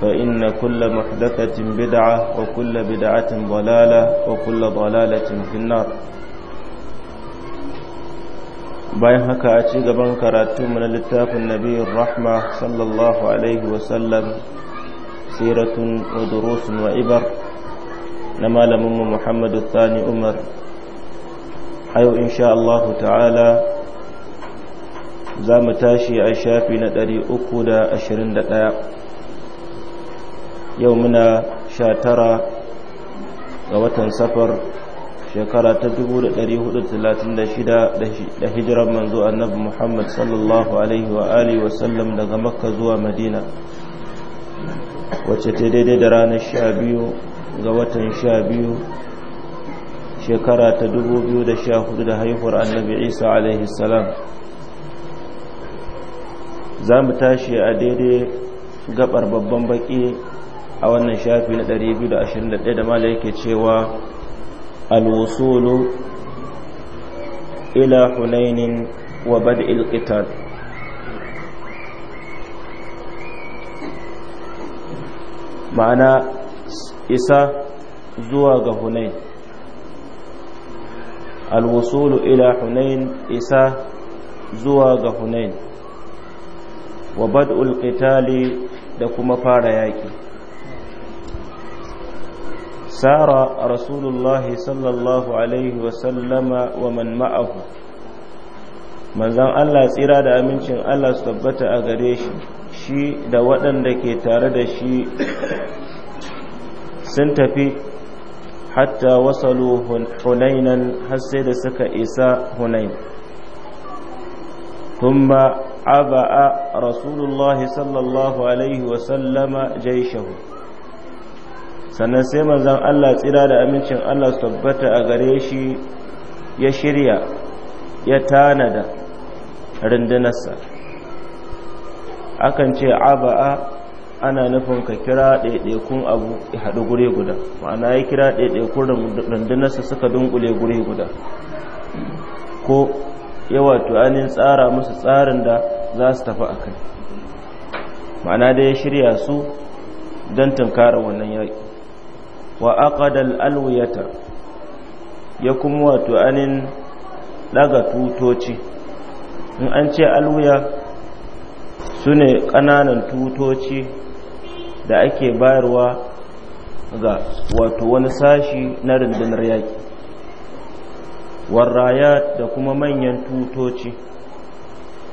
فإن كل محدثة بدعة وكل بدعة ضلالة وكل ضلالة في النار bayan haka a ci gaban karatu na littafin nabiyin rahma sallallahu alaihi wasallam siratun wa durusun wa ibar na malaminmu muhammadu thani umar a yau insha Allah ta'ala za mu tashi a shafi na 321 yau muna sha tara ga watan safar shekara ta dubu da hijirar manzo annabi Muhammad sallallahu alaihi wa alihi wa sallam daga Makka zuwa Madina wacce ta daidai da ranar 12 ga watan 12 shekara ta 2014 da haihuwar annabi Isa alaihi salam za mu tashi a daidai gabar babban baki a wannan shafi na 221 da mala yake cewa alwusulu ila hunainin wa bada ilkitar ma'ana isa zuwa ga hunain alwusulu ila hunain isa zuwa ga hunain wa bad'ul qitali da kuma fara yaki سار رسول الله صلى الله عليه وسلم ومن معه manzan Allah tsira da amincin Allah su tabbata a gare shi shi da waɗanda ke tare da shi sun tafi hatta wasalu hunainan har sai da suka isa hunain thumma aba'a rasulullahi sallallahu alaihi wasallama jaishahu sannan sai manzan Allah tsira da amincin Allah su tabbata a gare shi ya shirya ya tanada rundunarsa akan ce aba'a ana nufin ka kira ɗaiɗaikun abu ya haɗu gure guda ma'ana ya kira ɗaiɗaikun rundunarsa suka dunkule gure guda ko yawa wato tsara musu tsarin da za su tafi a kai ma'ana da ya shirya su don tunkara wannan yaƙi wa aqadal alwiyata ya kuma wato anin daga tutoci in an ce alwiya su ne ƙananan tutoci da ake bayarwa ga wato wani sashi na rundunar yaƙi warraya da kuma manyan tutoci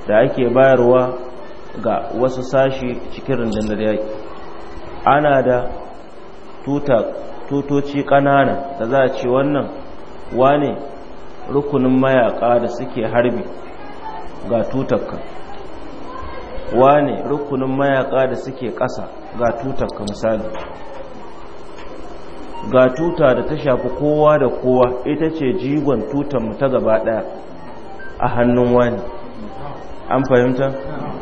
da ake bayarwa ga wasu sashi cikin rundunar yaƙi ana da tuta tutoci ƙanana da za a ce wannan wane rukunin mayaƙa da suke harbi ga tutakka wane rukunin mayaƙa da suke ƙasa ga tutakka misali ga tuta da ta shafi kowa da kowa ita ce jigon tutanmu ta gaba ɗaya a hannun wani an fahimta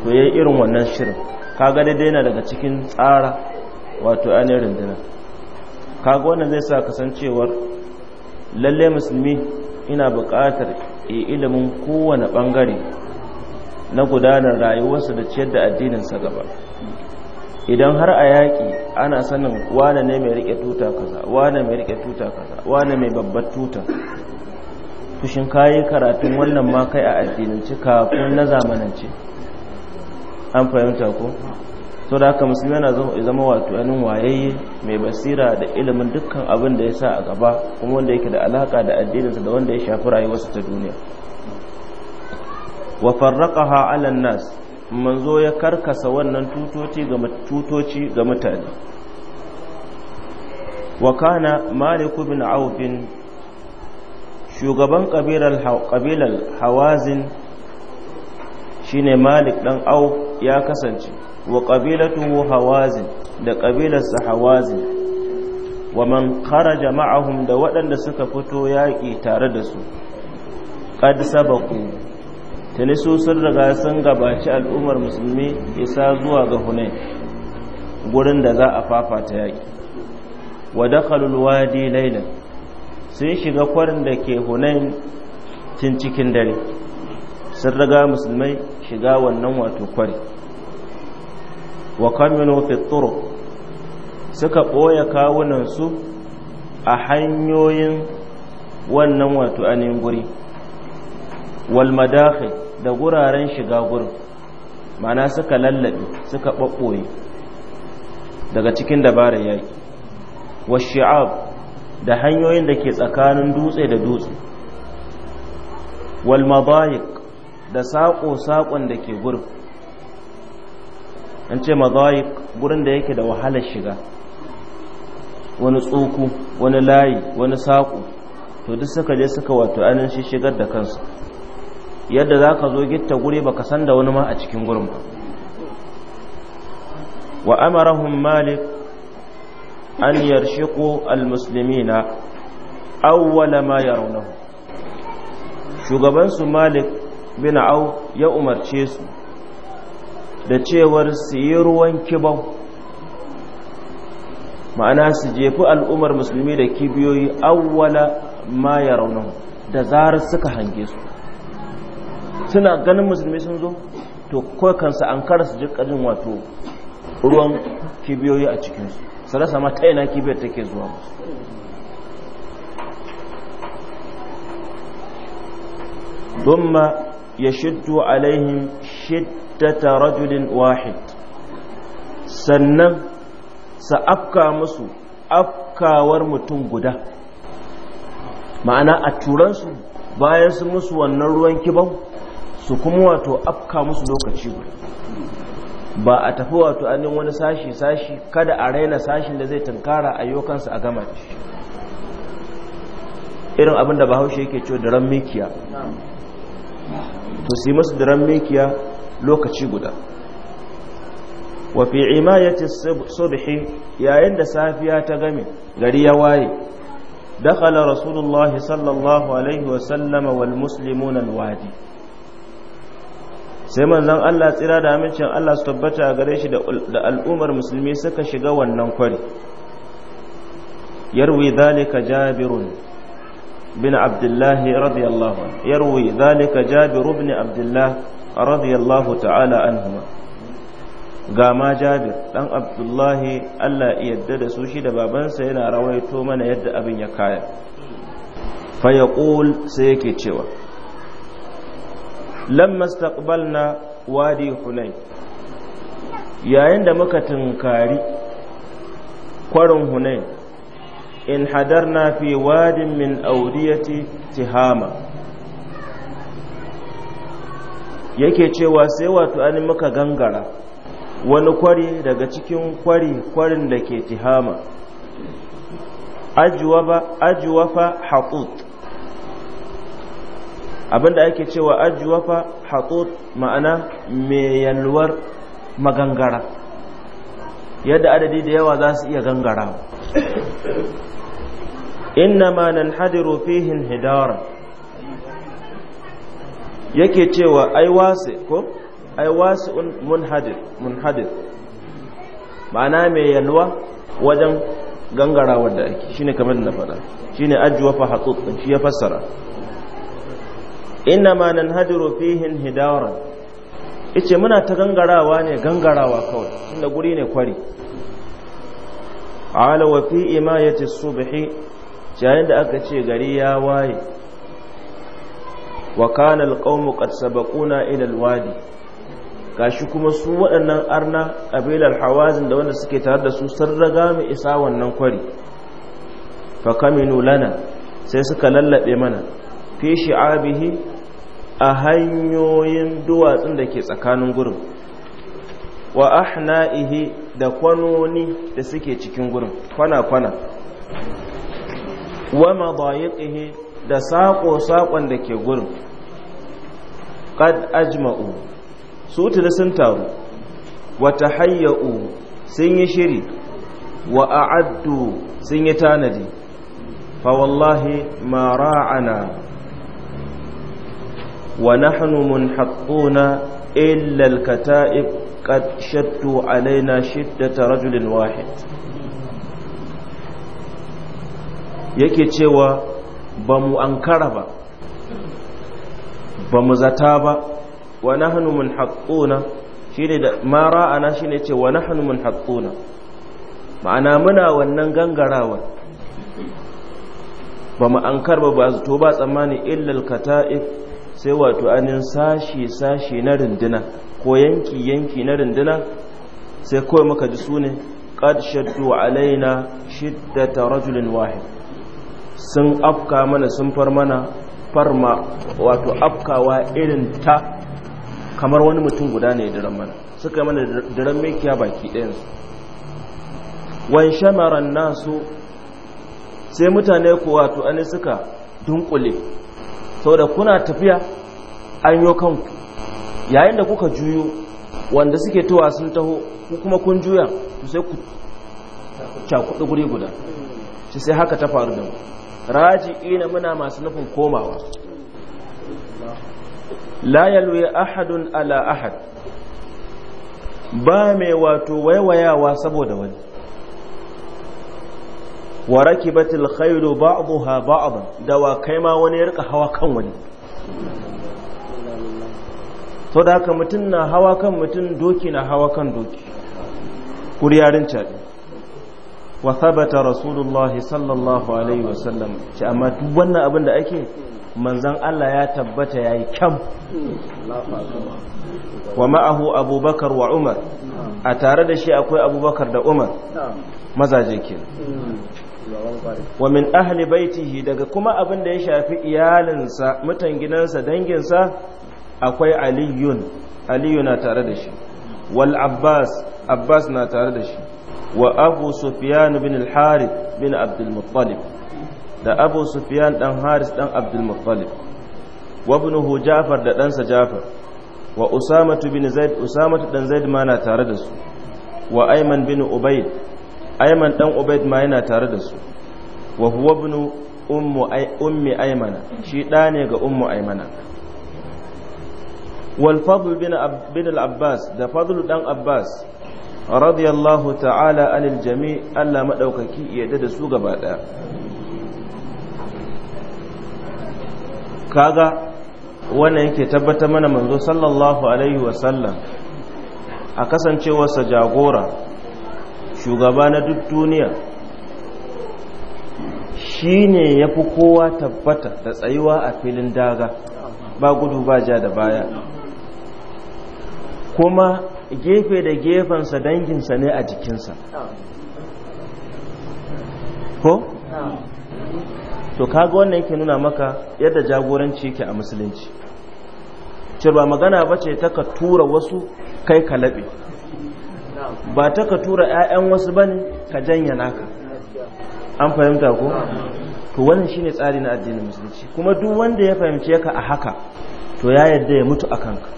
to yi irin wannan shirin kaga dai daina daga cikin tsara wato ainihin rundunar kaga wannan zai sa kasancewar lalle musulmi ina buƙatar ilimin kowane ɓangare na gudanar rayuwarsa da ciyar da addininsa gaba idan har a yaƙi ana sanin wane ne mai riƙe tuta kaza wane mai riƙe tuta kaza wane mai babbar tuta tushin kayi karatun wannan ma kai a addinance kafin na zamanance an fahimta ko so da haka musulmi yana zama wato yanin wayayye mai basira da ilimin dukkan abin da ya sa a gaba kuma wanda yake da alaka da addininsa da wanda ya shafi rayuwarsa ta duniya wa ha 'ala nas manzo ya karkasa wannan tutoci ga tutoci ga mutane wa kana malik bin auf shugaban kabilar kabilar hawazin shine malik dan auf ya kasance wa qabilatuhu hawazin da qabilarsa hawazin wa man kharaja ma'ahum da waɗanda suka fito yaƙi tare da su qad sabaku tuni su sun riga sun gabaci al'ummar musulmi isa zuwa ga hunai. gurin da za a fafata yaki. wa dakhalul wadi laylan sun shiga kwarin da ke hunai tun cikin dare sun riga musulmai shiga wannan wato kwari wa kamino fi suka ɓoye kawunansu a hanyoyin wannan wato anin guri wal da guraren shiga gurin mana suka lallabe suka ɓaɓɓoye daga cikin dabarar yaƙi wa shi'ab da hanyoyin da ke tsakanin dutse da dutse wal mabayik da saƙo-saƙon da ke gurin an ce mazaik gurin da yake da wahalar shiga wani tsoku wani layi wani saƙo to duk suka je suka wato anan shi shigar da kansu yadda za ka zo gitta guri baka san da wani ma a cikin gurin ba wa amarahum malik an yarshiqu na awwala ma ya shugaban su malik bin au ya umarce su da cewar su yi ruwan kibau ma'ana su jefi al'ummar musulmi da kibiyoyi auwala ma ya raunin da zarar suka hange su suna ganin musulmi sun zo to kawai kansu an kara su jikajin wato ruwan kibiyoyi a cikinsu su rasa ma ta ina kibiyar take zuwa musu ya shiddu alaihin shid! iddata rajulin wahid sannan sa afka musu afkawar mutum guda ma'ana a turansu bayan su musu wannan ruwan kibau su kuma wato afka musu lokaci guda ba a tafi wato anin wani sashi-sashi kada a raina sashin da zai tunkara ayyukansa a gama shi irin abin da bahaushe yake cewa daren mikiya to su yi masu daren mikiya lokaci guda wafi imayati subhi yayin da safiya ta game gari ya waye dakhala rasulullah sallallahu alaihi wa sallama wal muslimuna al wadi sai manzon Allah tsira da amincin Allah su tabbata a gare shi da al'ummar musulmi suka shiga wannan kwari yarwi dhalika jabirun bin abdullah radiyallahu anhu yarwi dhalika jabir ibn abdullah radiyallahu ta'ala anhuma gama jabir dan abdullahi Allah ya yarda da su shi da babansa yana rawaito mana yadda abin ya kaya fa yaqul sai yake cewa lamma istaqbalna wadi hunay yayin da muka tunkari kwarin hunay in hadarna fi wadin min audiyati tihama yake cewa sai wato an muka gangara wani kwari daga cikin kwari kwarin da ke tihama ajuwafa haƙut abinda ake cewa ajiwafa haƙut ma'ana mai yalwar magangara yadda adadi da yawa za su iya gangara inna ma nan hadiru fihin hidara yake cewa ai wasi ko ai wasi munhadir munhadir ma'ana mai yalwa wajen gangara wadda ake shine kamar na faɗa shine ajwa fa hatut shi ya fassara inna ma nanhadiru fihin hidawra yace muna ta gangarawa ne gangarawa kawai tunda guri ne kwari ala wa fi imayati subhi yayin da aka ce gari ya waye wa kana alqawmu qad sabaquna ila alwadi gashi kuma su waɗannan arna kabilar hawazin da wanda suke tare da su sun raga mu isa wannan kwari fa kaminu lana sai suka lallabe mana fi shi'abihi a hanyoyin duwatsun da ke tsakanin gurin wa ahna'ihi da kwanoni da suke cikin gurin kwana-kwana wa madayiqihi da saƙo-saƙon da ke gurin ƙad ajma'u su tuni sun taru wata hayya'u sun yi shiri wa a'addu sun yi tanadi fa wallahi ma ra'ana wa nahnu munhaqquna illa al-kata'ib qad shattu alaina shiddata rajulin wahid yake cewa ba mu ankara ba ba mu zata ba wa nahnu shi ne da ana shi ne ce wa nahnu na ma'ana muna wannan gangarawar ba mu ankar ba ba zato ba tsammani illal kata'if sai wato anin sashi sashi na rinduna ko yanki yanki na rinduna sai kawai muka ji sune ƙad shaddu alaina shiddata rajulin wahid sun afka mana sun far mana farma wato afkawa irin ta kamar wani mutum guda ne diran mana suka mana diran mekiya baki ɗayansu wani shamaran nasu sai mutane ku wato ani suka dunkule da kuna tafiya an yi kanku yayin da kuka juyo wanda suke towa sun taho ku kuma kun juya sai ku cakuɗi guri guda sai haka ta faru da mu raji'ina muna masu nufin komawa la yalwi ahadun ala ahad ba mai wato waiwayawa saboda wani wa rakibatil khairu ba'daha da wa kai ma wani ya rika hawa kan wani to da haka mutum na hawa kan mutum doki na hawa kan doki kuriyarin caɗi wa sabata rasulullahi sallallahu alaihi wasallam ce amma duk wannan abin da ake manzan Allah ya tabbata ya yi kyam wa ma'ahu abubakar wa umar a tare da shi akwai abubakar da umar mazaje ke wa min ahli baitihi daga kuma abin da ya shafi iyalinsa mutan gidansa danginsa akwai aliyun aliyu na tare da shi wal abbas abbas na tare da shi wa abu sufyan bin al bin abdul muttalib da abu sufyan dan haris dan abdul muttalib wa jafar da ɗansa jafar wa usamatu bin zaid usamatu dan zaid ma na tare da su wa ayman bin ubayd ayman dan ubayd ma yana tare da su wa huwa ummi aymana shi da ne ga ummu aymana wal fadl bin abbas da fadl dan abbas radiyallahu ta'ala anil jami Allah maɗaukaki yadda da su gaba ɗaya kaga wannan yake tabbata mana manzo sallallahu alaihi sallam a kasancewarsa jagora shugaba na duk duniya shi ne ya fi kowa tabbata da tsayuwa a filin daga ba gudu ba ja da baya kuma gefe da gefensa danginsa ne a jikinsa ko? to kaga wannan yake nuna maka yadda jagoranci yake a musulunci cewa magana ba ce ta ka tura wasu kai ka laɓe ba ta ka tura 'ya'yan wasu ba ne ka janya naka an fahimta ko? to wannan shine tsari na addinin musulunci kuma duk wanda ya fahimce ka a haka to ya yadda ya mutu a kanka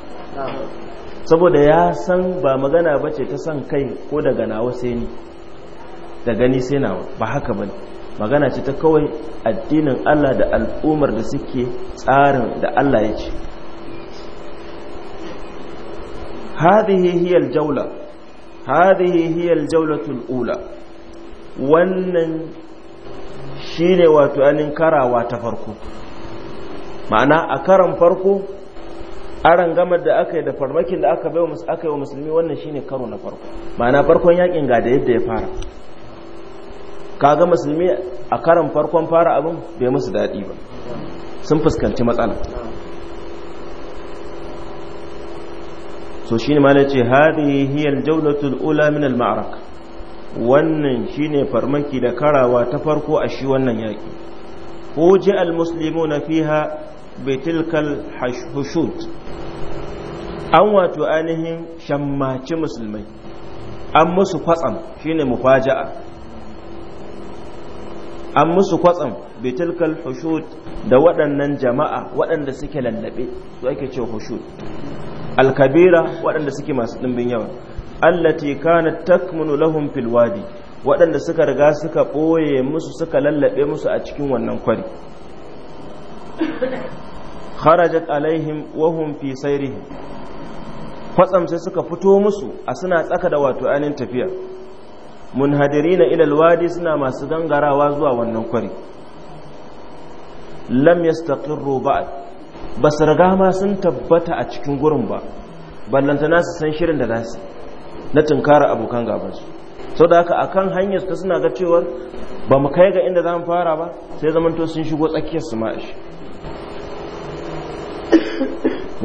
saboda ya san ba magana ba ce ta san kai ko daga nawa sai ni da gani sai nawa ba haka ba magana ce ta kawai addinin Allah da al'ummar da suke tsarin da Allah ya ce hadhihi hiya jawla hadhihi hiya al ula wannan shine wato anin karawa ta farko ma'ana a karan farko aran gamar da aka yi da farmakin da aka bai aka yi wa musulmi wannan shine karo na farko ma'ana farkon yakin ga da yadda ya fara kaga musulmi a karan farkon fara abin bai musu daɗi ba sun fuskanci matsala so shine ma nace hadhihi hiya al-jawlatul ula min al maarak wannan shine farmaki da karawa ta farko a shi wannan yaki ji al-muslimuna fiha betilkal hushud an wato ainihin shammaci musulmai an musu kwatsam shine mufaja'a an musu kwatsam betilkal hushud da waɗannan jama'a waɗanda suke lallabe su ake ce hushud alkabira waɗanda suke masu ɗimbin yawa allati kanat takmunu lahum fil wadi waɗanda suka riga suka ɓoye musu suka lallabe musu a cikin wannan kwari kharajat alaihim wahum fi sairihim Fatsam sai suka fito musu a suna tsaka da wato ainihin tafiya munhadirina ila alwadi suna masu gangarawa zuwa wannan kwari lam yastaqirru ba'd basu riga ma sun tabbata a cikin gurin ba ballantana su san shirin da zasu na tunkara abokan gabansu sau da haka akan hanyar ta suna ga cewar ba mu kai ga inda za mu fara ba sai zamanto sun shigo tsakiyar su ma'ashi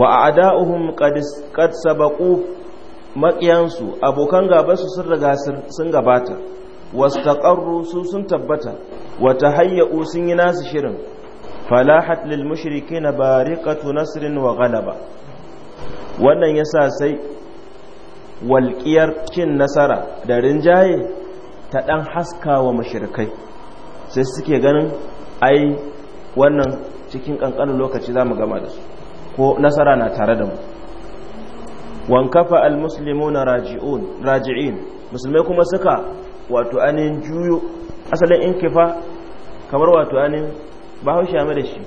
wa a'da'uhum qad qad sabaqu maqiyansu abokan gaba su sun riga sun gabata wastaqarru su sun tabbata wata tahayyu sun yi nasu shirin falahat lil mushrikin bariqatu nasrin wa ba wannan yasa sai walƙiyar cin nasara da rinjaye ta ɗan haska wa mashirkai sai suke ganin ai wannan cikin ƙanƙanin lokaci za mu gama da su ko nasara na tare da mu wankafa almuslimuna raji'un raji'in musulmai kuma suka wato anin juyo asalin in kifa kamar wato anin ba bahaushe ya da shi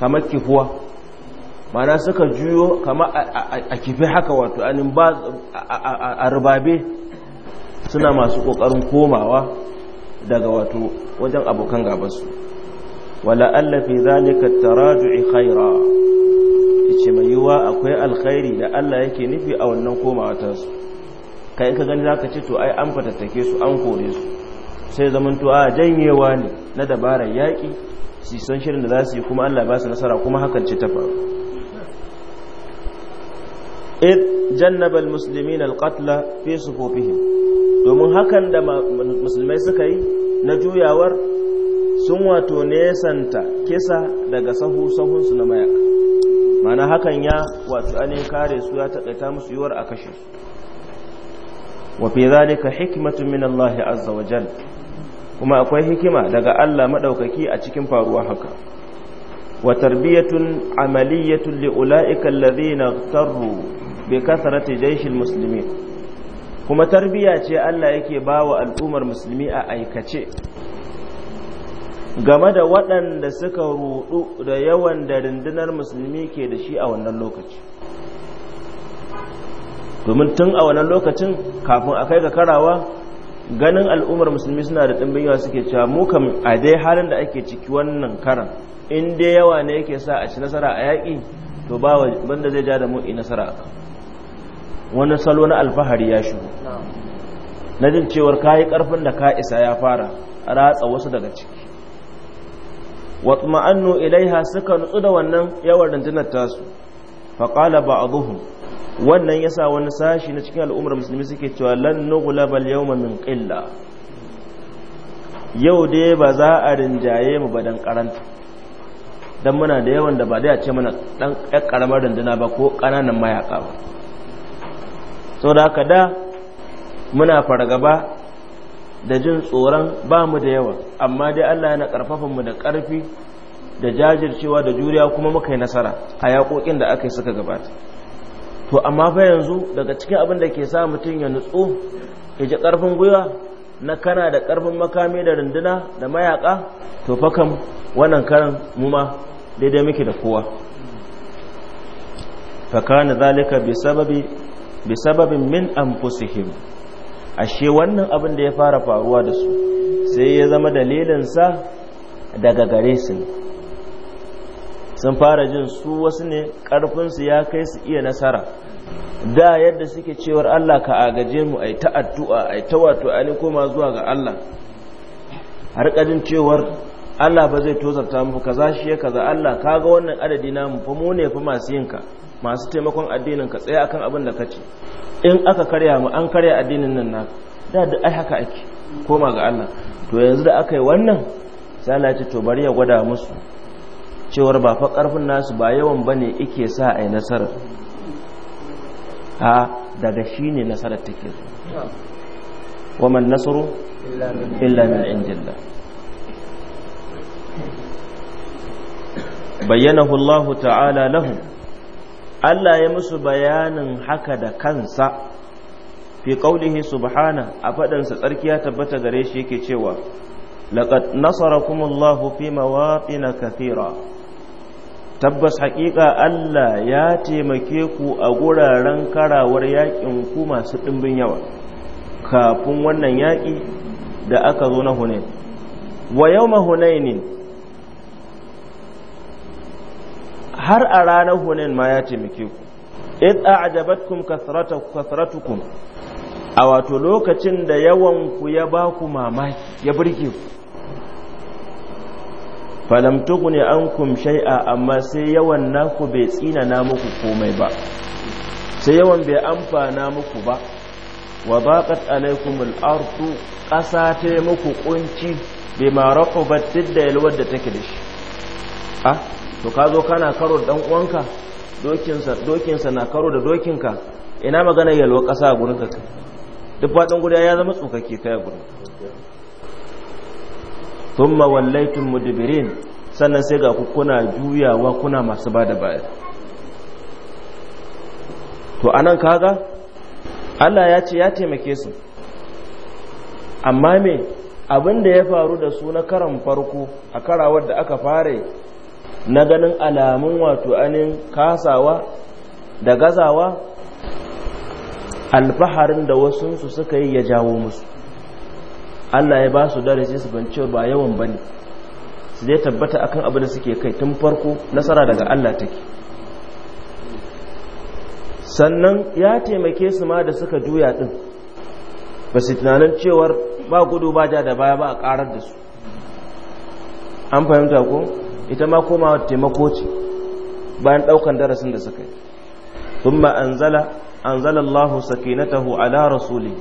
kamar kifuwa mana suka juyo kamar a kifi haka wato anin ba a rubabe suna masu kokarin komawa daga wato wajen abokan gabansu wala allafi zalika taraju'i khaira cewa akwai alkhairi da Allah yake nufi a wannan komawa ta su kai ka gani zaka ce to ai an fatattake su an kore su sai zaman to a ah, janyewa ne na dabarar yaƙi su san shirin da za su yi kuma Allah ba su nasara kuma hakan ce ta faru id jannaba almuslimin alqatla fi sufufihim domin hakan da musulmai suka yi na juyawar sun wato nesanta kisa daga sahu sahunsu na mayaka mana hakan ya wato ane kare su ya takaita musu yiwuwar a kashe su wa zalika hikmatun min Allah azza wa jal kuma akwai hikima daga Allah maɗaukaki a cikin faruwa haka wa tarbiyatun amaliyatun li ulaika alladhina tarru bi kasrati jayshil musulmi. kuma tarbiya ce Allah yake bawa al'ummar musulmi a aikace game da waɗanda suka rudu da yawan da rundunar musulmi ke da shi a wannan lokaci domin tun a wannan lokacin kafin a kai ga karawa ganin al'ummar musulmi suna da ɗimbin yawa suke cewa mu a dai halin da ake ciki wannan karan in dai yawa ne yake sa a ci nasara a yaƙi to ba wanda zai ja da mu nasara a wani salo na alfahari ya shigo na jin cewar ka yi ƙarfin da ka isa ya fara ratsa wasu daga ciki watma'annu ilaiha suka nutsu da wannan yawan rundunar tasu ba a ba'dhum wannan ya sa wani sashi na cikin al'ummar musulmi suke cewa lan nughlaba al-yawma min qilla yau dai ba za a rinjaye mu ba dan karanta don muna da yawan da ba dai a ce mana ɗan ƙaramar runduna ba ko ƙananan mayaƙa ba da haka da muna fargaba da jin tsoron ba mu da yawa amma dai Allah yana karfafa mu da ƙarfi da jajircewa da juriya kuma muka yi nasara a yaƙoƙin da aka yi suka gabata to amma fa yanzu daga cikin abin da ke sa mutum ya nutsu ya ji ƙarfin gwiwa na kana da karfin makami da runduna da mayaka, to fa kam wannan karan mu ma daidai muke da kowa fa kana zalika bi sababi bi sababin min anfusihim ashe wannan abin da ya fara faruwa da su sai ya zama dalilinsa daga gare su ne sun fara jin su wasu ne ƙarfinsu ya kai su iya nasara da yadda suke cewar Allah ka agaje mu ai ta addu'a ai ta wato ani koma zuwa ga Allah har kadin cewar Allah ba zai tozarta mu kaza shi ya kaza Allah kaga wannan adadi namu fa mu ne fa masu yinka masu taimakon addinin ka tsaya akan abin da ka ce in aka karya mu an karya addinin nan na da da ai haka ake koma ga Allah to yanzu da aka yi wannan sai ce to bari ya gwada musu cewar ba fa karfin nasu ba yawan bane yake sa ai nasara a daga shine nasara take zuwa wa man nasru illa min indillah bayyanahu Allah ta'ala lahum Allah ya musu bayanin haka da kansa fi qaulihi subhana a faɗansa ya tabbata gare shi yake cewa laqad nasarakumullahu fi mawaqin kathira tabbas haƙiƙa Allah ya taimake ku a guraren karawar yaƙin ku masu ɗimbin yawa kafin wannan yaƙi da aka zo na Hunain wa yawma Hunainin har a ranar hunin ma ya taimake ku id a'jabatkum kasratukum a wato lokacin da yawan ku ya ba ku mamaki ya burge ku falam tughni ankum shay'a amma sai yawan naku bai tsina na muku komai ba sai yawan bai amfana muku ba wa baqat alaykum al-ardu ƙasa ta muku kunci bima raqabat tidda yalwar da take da shi ah to ka zo kana karo da dan uwanka dokinsa na karo da dokinka ina magana yalwa ƙasa a gurin ka duk faɗin guda ya zama tsokake kai a gurin thumma wallaytum mudibirin sannan sai ga ku kuna juyawa kuna masu bada baya to anan kaga Allah ya ce ya taimake su amma me abin da ya faru da su na karan farko a karawar da aka fara na ganin alamun wato anin kasawa da gazawa alfaharin da wasunsu suka yi ya jawo musu Allah ya ba su darasi su bance ba yawan bane su dai tabbata akan abu da suke kai tun farko nasara daga Allah take sannan ya taimake su ma da suka juya din ba su tunanin cewar ba gudu ba ja da baya ba a karar da su an fahimta ko ita ma komawa taimako ce bayan daukan darasin da suka yi thumma anzala anzala Allah sakinatahu ala rasuli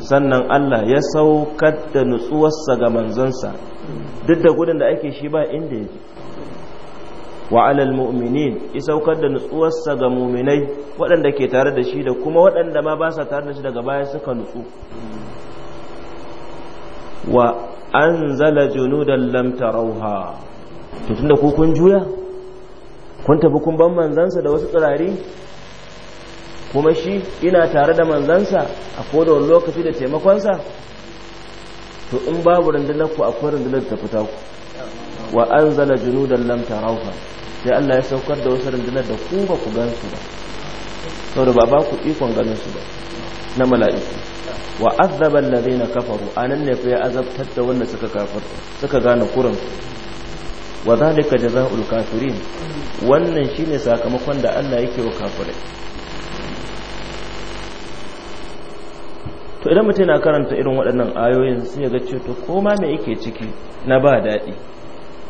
sannan Allah ya saukar da nutsuwarsa ga manzansa duk da gudun da ake shi ba inda yake wa alal mu'minin ya saukar da nutsuwarsa ga muminai waɗanda ke tare da shi da kuma waɗanda ma ba sa tare da shi daga baya suka nutsu wa anzala junudan lam tarauha to tunda ku kun juya kun tafi kun ban manzansa da wasu tsirari kuma shi ina tare da manzansa a kodawar lokaci da taimakonsa to in babu rundunar ku akwai rundunar ta fita ku wa an zana junudan lam tarauha sai Allah ya saukar da wasu rundunar da ku ba ku gan su ba saboda ba ba ku ikon ganin su ba na mala'iku wa azzaban allazina kafaru anan ne fa ya azabtar da wanda suka gane suka gane kuran wa zalika jazaa'ul kafirin wannan shine sakamakon da Allah yake wa kafirai to idan mutum yana karanta irin waɗannan ayoyin sai ya ga cewa to koma me yake ciki na ba daɗi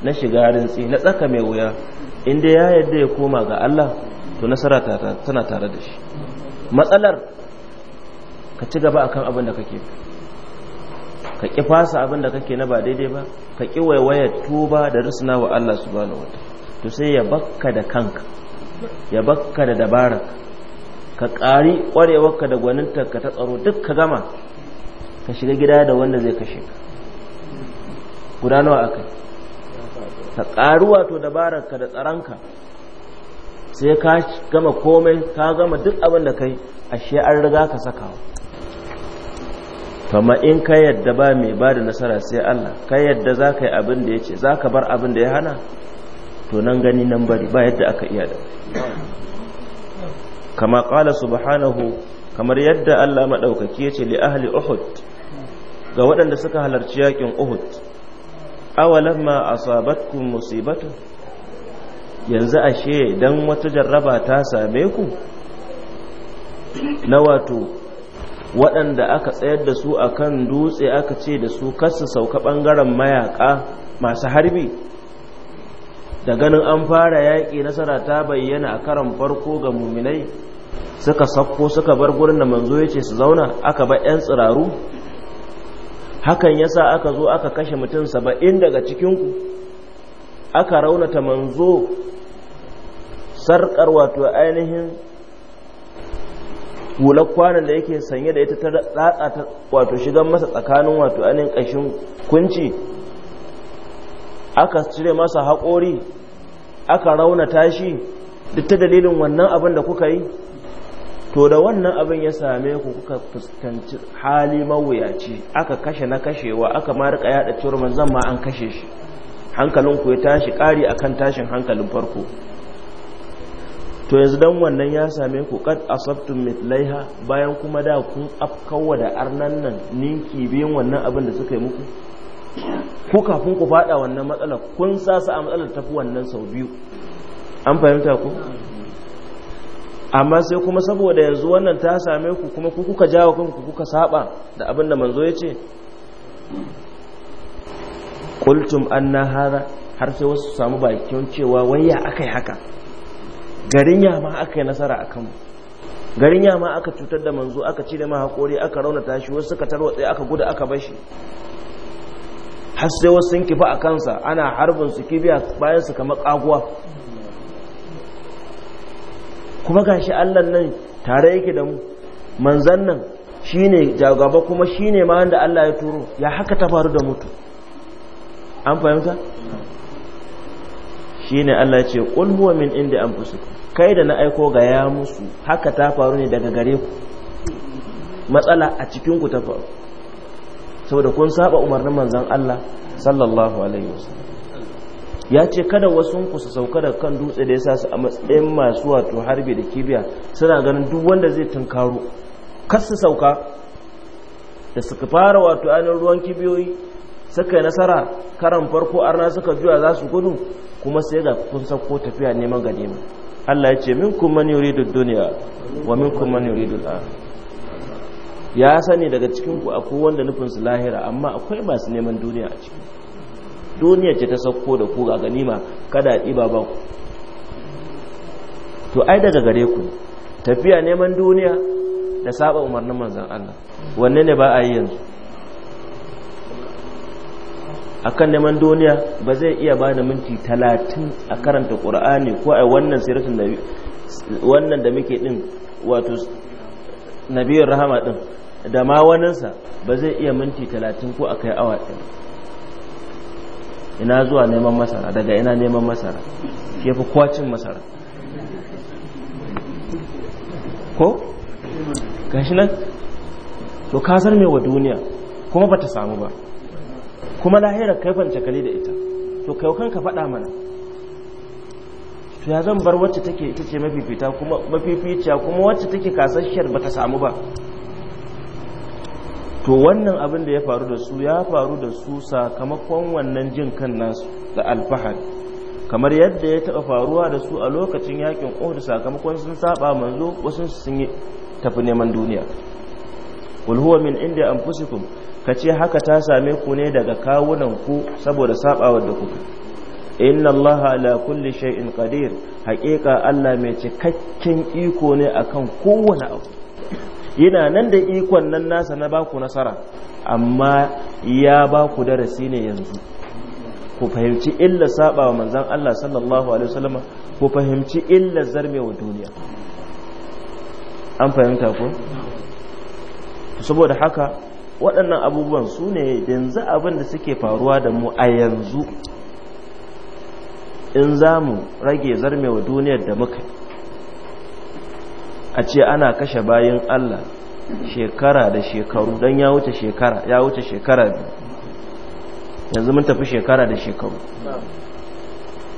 na shiga harin tsi na tsaka mai wuya inda ya yadda ya koma ga Allah to nasara tana tare da shi matsalar ka ci gaba akan abin da kake ka ƙi fasa abin da kake na ba daidai ba ka ƙi waiwayar tuba da risna wa Allah subhanahu wata to sai ya bakka da kanka ya bakka da dabara ka ƙari ƙwarewarka da gwaninta ka ta tsaro duk ka gama ka shiga gida da wanda zai kashe ka guda nawa kai ka ƙari wato dabarar ka da tsaranka sai ka gama komai ka gama duk abin da kai ashe an riga ka sakawa kama in ka yadda ba mai ba da nasara sai Allah ka yadda za ka yi abin da ya ce za ka bar abin da ya hana to nan gani nan bari ba yadda aka iya da kama kala subhanahu kamar yadda Allah maɗaukaki ya ce li ahli uhud ga waɗanda suka halarci yakin uhud awalan ma awalamma asabatkum musibatu yanzu ashe dan wata jarraba ta same ku na wato waɗanda aka tsayar da su a kan dutse aka ce da su kasu sauka ɓangaren mayaƙa masu harbi da ganin an fara yaƙi nasara ta bayyana a karan farko ga muminai suka sakko suka bar gurin da manzo ya ce su zauna aka ba 'yan tsiraru hakan ya sa aka zo aka kashe mutum saba'in daga cikinku aka raunata manzo sarƙar wato ainihin hular kwanan da yake sanye da ita ta ratsa ta wato shigan masa tsakanin wato anin ƙashin kunci aka cire masa haƙori aka rauna tashi, duk ta dalilin wannan abin da kuka yi to da wannan abin ya same ku kuka fuskanci hali mawuyaci aka kashe na kashewa aka ma rika yada cewar manzan ma an kashe shi hankalinku ya tashi ƙari akan tashin hankalin farko to yanzu dan wannan ya same ku kad asabtum mithlaiha bayan kuma da kun afkawa da arnan nan ninki biyan wannan abin da suka yi muku ku kafin ku fada wannan matsalar kun sa a matsalar tafi wannan sau biyu an fahimta ku amma sai kuma saboda yanzu wannan ta same ku kuma ku kuka jawo kanku kuka saba da abin da manzo ya ce qultum anna hadha har sai wasu samu bakin cewa wayya yi haka garin yama aka yi nasara a kanmu garin yama aka cutar da manzo aka ci da mahaƙori aka rauna shi wasu suka tarwatse aka gudu aka bashi har sai wasu sun kifa a kansa ana harbin su kibiya bayan su kama kaguwa kuma gashi allah nan tare yake da mu manzan nan shine jagaba kuma shine ma wanda allah ya turo ya haka ta faru da mutu an fahimta shine Allah ce qul huwa min indi anfusikum kai da na aiko ga ya musu haka ta faru ne daga gare ku matsala a cikin ku ta faru saboda kun saba umarnin manzon Allah sallallahu alaihi wasallam ya ce kada wasu ku su sauka da kan dutse da ya sa su a matsayin masu wato harbi da kibiya suna ganin duk wanda zai tunkaro kar su sauka da suka fara wato ainihin ruwan kibiyoyi suka yi nasara karan farko arna suka juya za su gudu kuma sai ga kun sako tafiya neman ganima Allah ya ce minkum man yuridu dunya wa minkum man yuridu al ya sani daga cikin ku akwai wanda nufin su lahira amma akwai masu neman duniya a ciki duniya ce ta sauko da ku ga ganima kada a ɗiba ba ku to ai daga gare ku tafiya neman duniya da saba umarnin manzan Allah wanne ne ba a yi yanzu akan neman duniya ba zai iya ba da minti talatin a karanta qur'ani ko a wannan siratun da wannan da muke din wato nabiyar rahama ɗin da ma waninsa ba zai iya minti talatin ko a kai awa ɗin ina zuwa neman masara daga ina neman masara ke fi kwacin masara ko? gashi nan to kasar mai wa duniya kuma ba ta samu ba kuma lahirar kai cakali da ita to kai ka faɗa mana to ya zan bar wacce take ita ce mafifita kuma mafificiya kuma wacce take kasashiyar bata samu ba to wannan abin da ya faru da su ya faru da su sakamakon wannan jin kan nasu da alfahari kamar yadda ya taɓa faruwa da su a lokacin yakin uhud sakamakon sun saba manzo wasu sun yi tafi neman duniya qul huwa min inda anfusikum ka ce haka ta same ku ne daga kawunan ku saboda sabawar da kuka inna Allah ala kulli shay'in qadir haƙiƙa Allah mai cikakken iko ne akan kowane abu yana nan da ikon nan nasa na baku nasara amma ya baku darasi ne yanzu ku fahimci illa sabawa manzan Allah sallallahu alaihi wasallam ku fahimci illa zarme wa duniya an fahimta ko saboda haka waɗannan abubuwan su ne yanzu abin da suke faruwa da mu a yanzu in za mu rage wa duniyar da muka a ce ana kashe bayan Allah shekara da shekaru don ya wuce shekara ya wuce shekara yanzu mun tafi shekara da shekaru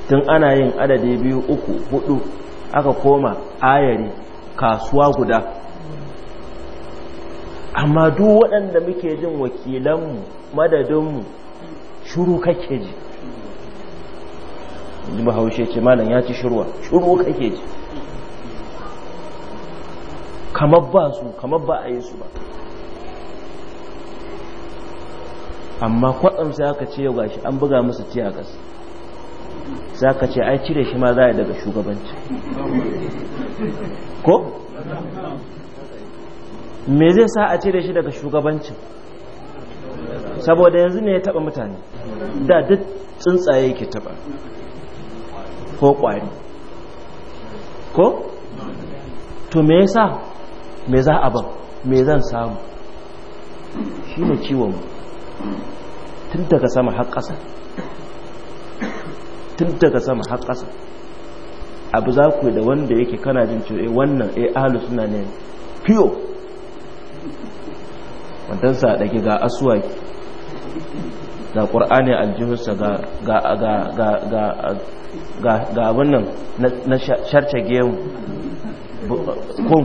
tun ana yin adadi biyu uku hudu aka koma ayari kasuwa guda amma duk waɗanda muke jin wakilanmu madadinmu shuru kake ji ji bahaushe ce malam ya ci shuruwa shuru kake ji kamar ba su kamar ba a yi su ba amma kwaɗam sai aka ce yau an buga musu ci a ƙasa sai aka ce ai cire shi ma za a daga shugabanci ko me zai sa a cire shi daga shugabancin saboda yanzu ne ya taba mutane da duk tsuntsaye yake taba ko kwari ko to me yasa me za a ban me zan samu shi ne ciwon tun daga sama har ƙasa tun daga sama har ƙasa abu za ku da wanda yake kana jin cewa eh, wannan eh ahlus sunna ne fiyo matarsa daki ga aswaki ga ƙur'ani aljihunsa ga ga nan na sharce gemu kun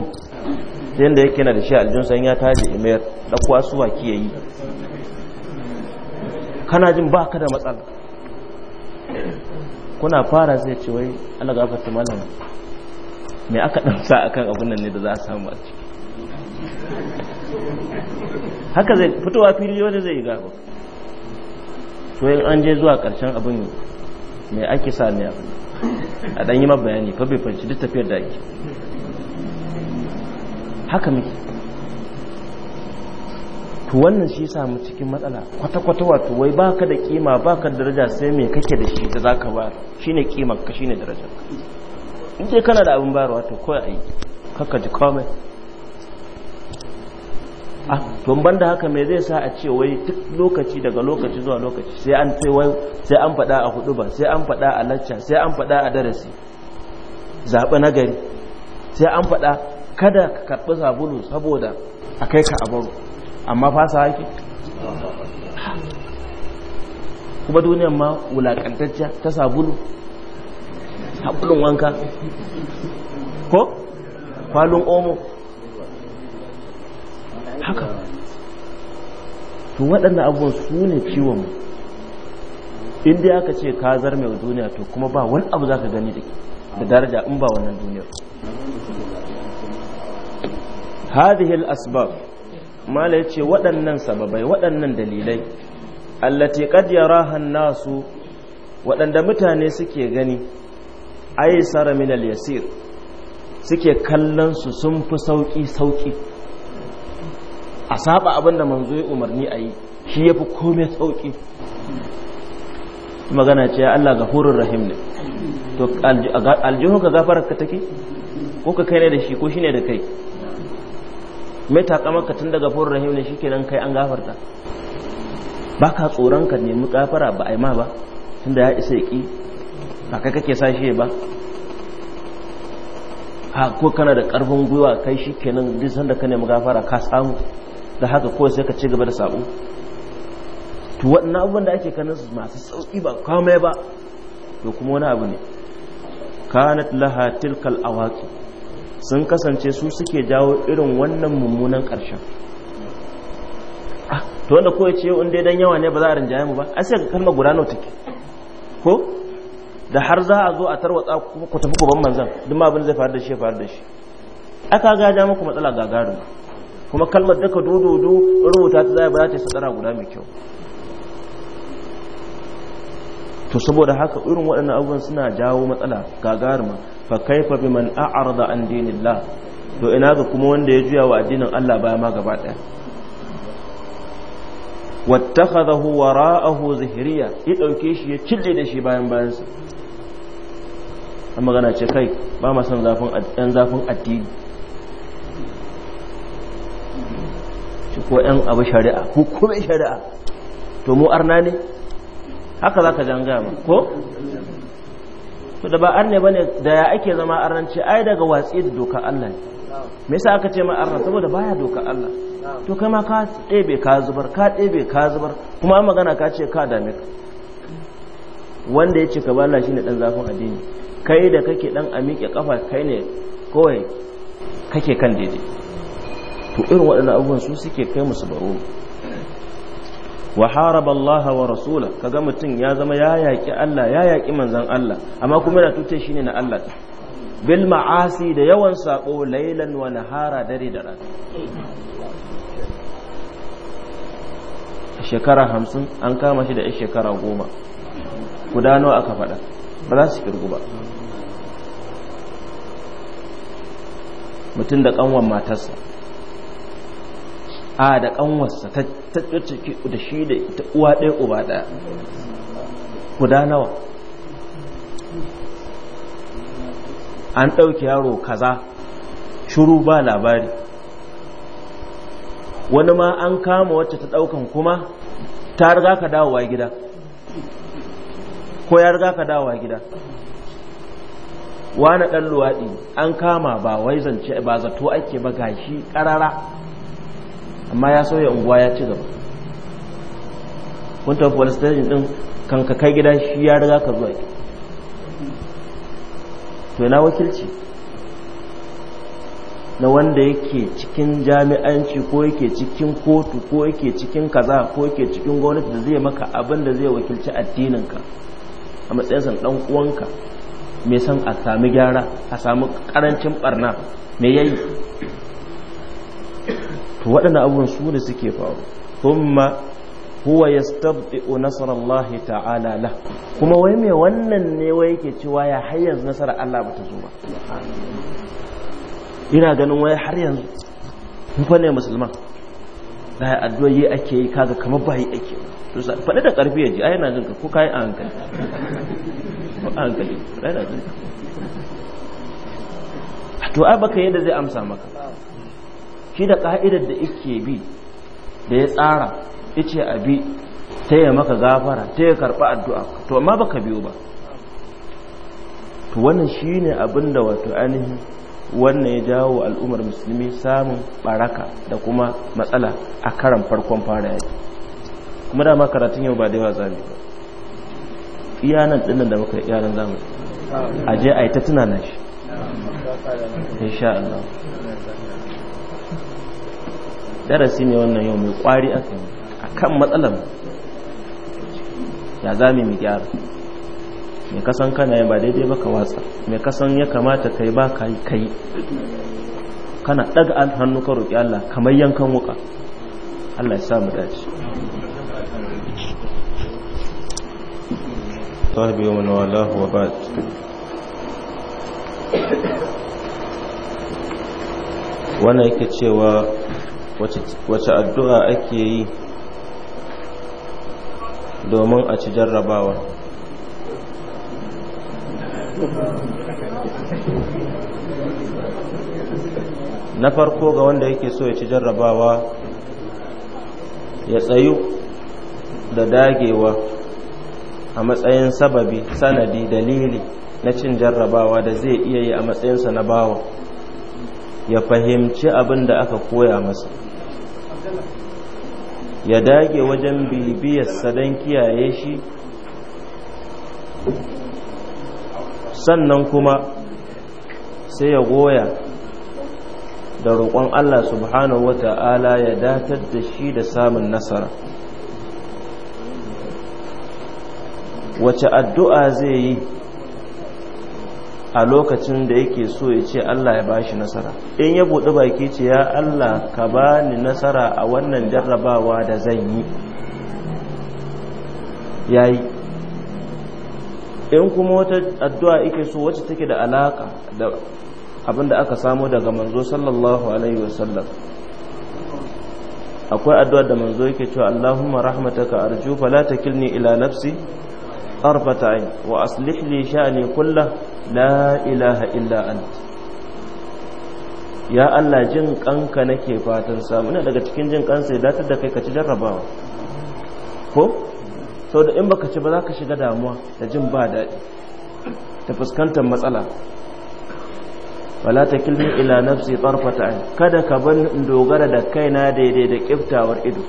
yadda yake na da shi aljihunsa ya taji da ɗauko aswaki ya yi kana jin ba ka da matsala kuna fara zai ce wai alagafata malam mai aka ɗansa akan abin nan ne da za a samu a ciki haka zai fitowa fili wani zai gaba to yin an je zuwa ƙarshen abin mai ake ne abin a ɗan yi mabayani fa fanci duk tafiyar da ake haka miki. to wannan shi samu cikin matsala kwata-kwata wato wai baka da kima baka da daraja sai mai kake da shi da za ka bayar shine kima ka ne darajar ka in kana da abin bayarwa to kawai aiki kakka ji kawai a ah, to ban da haka me zai sa a ce wai duk lokaci daga lokaci zuwa lokaci sai an ce sai an faɗa a hudu ba sai an faɗa a lacca sai an faɗa a darasi zaɓi na gari sai an faɗa kada ka karɓi sabulu saboda a kai ka abaru amma fasa haki kuma duniyar ma wulaƙantacciya ta sabulu haɓulun wanka ko kwalin omo haka to waɗanda abubuwan su ne ciwon mu aka ce ka zar mai duniya to kuma ba wani abu za ka gani da daraja in ba wannan duniyar hadihil asbab mala ce waɗannan sababai waɗannan dalilai allati qad yaraha nasu waɗanda mutane suke gani aysara min al-yasir suke kallon su sun fi sauki sauki a saba abin da manzo ya umarni a yi shi ya fi komai sauƙi magana ce ya Allah ga hurin rahim ne to aljihun ka gafarar ka take ko ka kai ne da shi ko shi ne da kai mai takamaka tun daga hurin rahim ne shi kenan kai an gafarta ba ka tsoron ka nemi gafara ba a yi ma ba tun da ya isa ki ba kai kake sashe ba ha ko kana da karfin gwiwa kai shi kenan duk sanda ka nemi gafara ka samu ta haka kawai sai ka ci gaba da sabo to wannan abubuwan da ake kanin su masu sauƙi ba komai ba to kuma wani abu ne kanat laha tilkal awaqi sun kasance su suke jawo irin wannan mummunan ƙarshen ah, to wanda ko ce inda dan yawa ne ba za a rinjaye mu ba ai sai ka kalma guda nawa take ko da har za a zo a tarwatsa ku tafi ku ban manzan duk ma abin zai faru da shi ya faru da shi aka gaja muku matsala gagarin kuma kalmar daka dododo rubuta ta zai ba ta yi guda mai kyau to saboda haka irin waɗannan abubuwan suna jawo matsala gagarima fa kaifa man a'rada an dinillah to ina ga kuma wanda ya juya wa addinin Allah baya ma gaba ɗaya wattakhadahu wara'ahu zahiriya ya dauke shi ya cille da shi bayan bayan sa magana ce kai ba ma san zafin addini ko ɗan abu shari'a ko kome shari'a to mu arna ne haka za ka janga ma ko to da ba arne ne da ya ake zama arnanci ai daga watsi da doka Allah ne me sa aka ce ma arna saboda baya doka Allah to kai ma ka ɗebe ka zubar ka ɗebe ka zubar kuma an magana ka ce ka dame ka wanda ya ce ka bala ne dan zafin addini kai da kake dan a miƙe kafa kai ne kawai kake kan daidai to irin waɗannan abubuwan su suke kai musu baro wa haraba Allah wa rasula kaga mutum ya zama ya yaki Allah ya yaki manzan Allah amma kuma yana tuce shine na Allah bil ma'asi da yawan sako laylan wa nahara dare da rana shekara hamsin an kama shi da ya shekara goma guda nawa aka faɗa ba za su kirgu ba mutum da ƙanwan matarsa a da kanwarsa ta ciki da shi da ita uwa ɗaya uba ɗaya guda nawa an ɗauki yaro kaza shuru ba labari wani ma an kama wacce ta ɗaukan kuma ta riga ka dawowa gida ko ya riga ka dawowa gida wani ɗan luwaɗi an kama ba wai zance ba zato ake ba gashi ƙarara amma ya sauya unguwa ya ci gaba kun tafi station din kan ka kai gida shi ya riga ka zuwa ki to na wakilci na wanda yake cikin jami'anci ko yake cikin kotu ko yake cikin kaza ko yake cikin gwamnati da zai maka abin da zai wakilci addininka a matsayinsa dan uwanka me san a sami gyara a sami karancin barna me yayi to waɗanda abubuwan su ne suke faru kuma huwa yastabdi'u Allah ta'ala la kuma wai me wannan ne wai yake cewa ya har yanzu nasara Allah bata zo ba ina ganin wai har yanzu Kuma ne musulman da addu'a yi ake yi kaga kamar ba yi ake to faɗi da ƙarfi ya ji ai jin jinka ko kai a hankali ko a hankali ai yana jinka to ai baka yadda zai amsa maka shi da ka'idar da yake bi da ya tsara a bi ta yi maka gafara ta yi karɓa addu'a to amma baka biyo ba to wannan shi ne abin da wato ainihin wannan ya jawo al'ummar musulmi samun baraka da kuma matsala a karan farkon fara yaki kuma dama karatun yau ba da yawa zami ba iyanan dinnan da muka iyanan zamu a je a yi ta tunana shi insha Allah darasi ne wannan yau mai kwari a kan matsalar ya za mu gyara mai kasan kana yin ba daidai ba ka watsa mai kasan ya kamata kai ba ka yi kai kana daga hannu ka roƙi Allah kamar yankan wuka Allah ya sa mu dace sahibi wa walahu wa ba'd wannan yake cewa wace addu'a ake yi domin a ci jarrabawa na farko ga wanda yake so ya ci jarrabawa ya tsayu da dagewa a matsayin sababi sanadi dalili na cin jarrabawa da zai iya yi a matsayinsa na bawa ya fahimci abin da aka koya masa ya dage wajen bibiyarsa don kiyaye shi sannan kuma sai ya goya da roƙon Allah subhanahu ta'ala ya datar da shi da samun nasara wace addu'a zai yi a lokacin da yake so ya ce Allah ya bashi nasara in ya buɗi baki ce ya Allah ka bani nasara a wannan jarrabawa da zan yi yayi in kuma wata addu'a yake so wacce take da alaka da abinda aka samu daga manzo sallallahu alaihi wasallam akwai addu'a da manzo yake cewa Allahumma rahmataka arju fala takilni ila nafsi طرفة wa aslih li شأني كله la ilaha illa anta ya Allah jin kanka nake fatan samu ina daga cikin jin kansa ya datar da kai ka ci jarrabawa ko da in baka ci ba za ka shiga damuwa da jin ba daɗi ta fuskantar matsala wala ta kilmi ila nafsi tarfata kada ka bar dogara da kaina daidai da kiftawar ido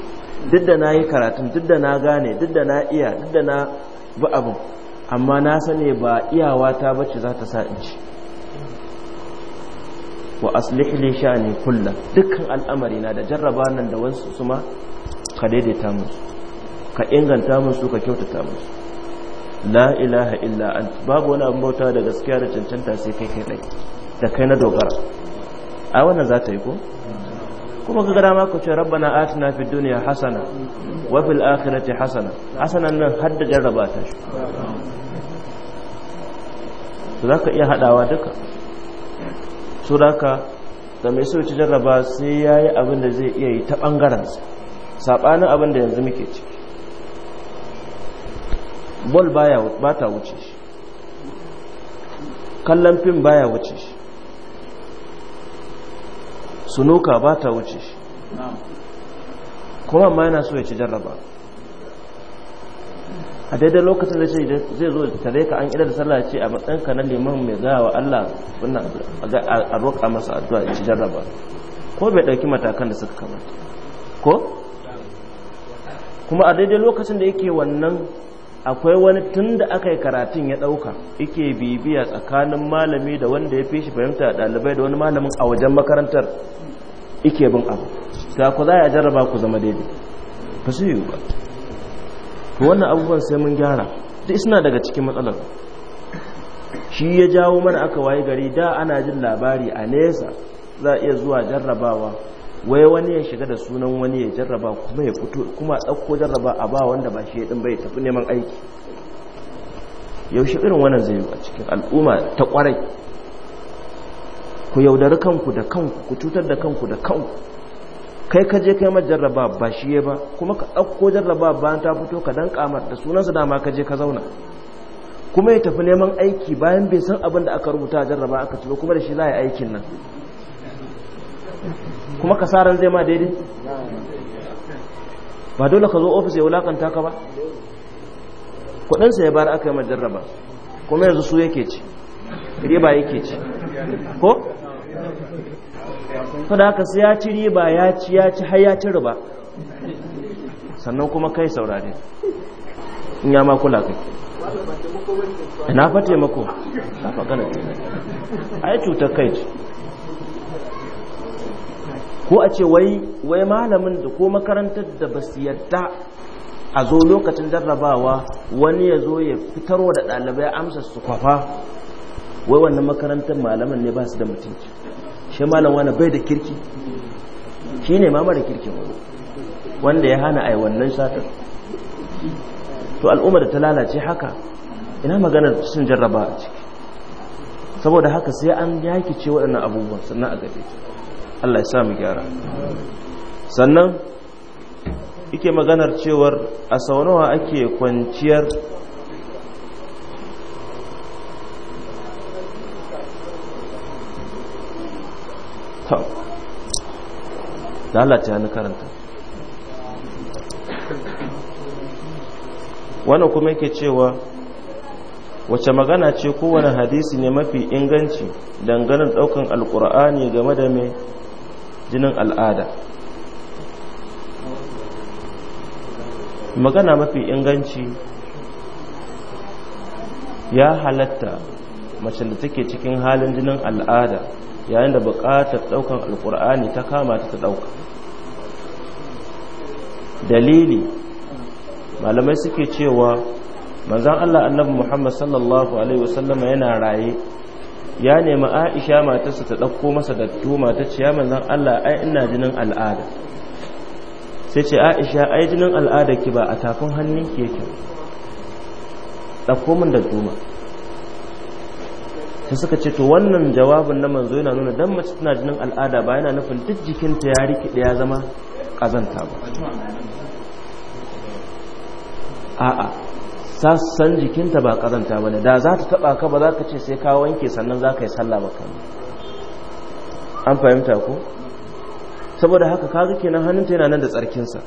duk da nayi karatun duk da na gane duk da na iya duk da na bi abu amma na sani ba iyawata bace za ta sa in ci wa aslih li ne kulla dukkan al'amari na da jarraba nan da wasu su ma ka daidaita musu ka inganta musu ka kyautata musu la ilaha illa an babu wani abin bauta da gaskiya da cancanta sai kai kai ɗai da kai na dogara a wannan za ta yi ko kuma ga gada maka ce rabbana atina fid dunya hasana wa fil akhirati hasana hasanan nan har da jarraba ta shi to zaka iya hadawa duka so zaka da mai so ci jarraba sai yayi abin da zai iya yi ta bangaren sa sabanin abin da yanzu muke ciki bol baya ba ta wuce shi kallon fim baya wuce shi sunuka ba ta wuce shi kuma ma yana so ya ci jarraba a daidai lokacin da zai zo tare ka an idar sallah ce a matsayinka na liman mai gaya wa Allah wannan a roƙa masa addu'a ya ci jarraba ko bai ɗauki matakan da suka kamata ko kuma a daidai lokacin da yake wannan akwai wani tun da aka yi karatun ya ɗauka ike bibiya tsakanin malami da wanda ya fi shi fahimta ɗalibai da wani malamin a wajen makarantar ike bin abu ta ku za a jarraba ku zama daidai ba su yi ba wannan abubuwan sai mun gyara duk suna daga cikin matsalar shi ya jawo mana aka wayi gari da ana jin labari a nesa za a iya zuwa jarrabawa wai wani ya shiga da sunan wani ya jarraba kuma ya fito kuma ɗauko jarraba a ba wanda ba shi ya ɗin bai tafi neman aiki yaushe irin wannan zai yi a cikin al'umma ta ƙwarai ku yaudari kanku da kanku ku cutar da kanku da kanku kai ka je kai mar jarraba ba shi ya ba kuma ka ɗauko jarraba bayan ta fito ka dan kamar da sunansa dama ka je ka zauna kuma ya tafi neman aiki bayan bai san abin da aka rubuta jarraba aka tuno kuma da shi za a yi aikin nan kuma kasaran zai ma daidai ba dole ka zo ofis ya wulakanta ka ba kudinsa ya bar aka yi majarraba kuma yanzu su yake ci riba yake ci ko? to da aka sai ya ci riba ya ci ya ci har ya ci riba sannan kuma kai saurari, in ya ma kula kai ina fa taimako ta fa gana a yi cutar kai ce ko a ce wai wai malamin da ko makarantar da ba su yadda a zo lokacin jarrabawa wani ya zo ya fitarwa da ɗalibai amsa su kwafa wai wannan makarantar malaman ne ba su da mutunci shi malam wani bai da kirki shi ne ma mara kirkin wanda ya hana ai wannan satar to al'ummar da ta lalace haka ina maganar sun jarraba a ciki saboda haka sai an yaki ce waɗannan abubuwan sannan a gaje Allah ya sa mu gyara sannan yake maganar cewar a saunawa ake kwanciyar da Allah ta hannu karanta Wani kuma yake cewa wace magana ce kowane hadisi ne mafi inganci dangane daukan alkur'ani game da mai jinin al'ada magana mafi inganci ya halatta mace da take cikin halin jinin al'ada yayin da bukatar ɗaukan alƙur'ani ta kama ta ta ɗauka dalili malamai suke cewa manzan allah annabi muhammad sallallahu alaihi wasallama yana raye ya nemi aisha matarsa ta ɗauko masa da tuma ta ce ya manzan allah ai ina jinin al'ada sai ce aisha ai jinin al'ada ki ba a tafin hannun ki yake ɗauko min da tuma ta suka ce to wannan jawabin na manzo yana nuna dan mace tana jinin al'ada ba yana nufin duk jikinta ya da ya zama ƙazanta ba a'a sassan jikinta ba kazanta ne da za ta taba ka ba za ka ce sai ka wanke sannan za ka yi sallah ba kan an fahimta ko saboda haka ka kaga kenan hannunta yana nan da tsarkinsa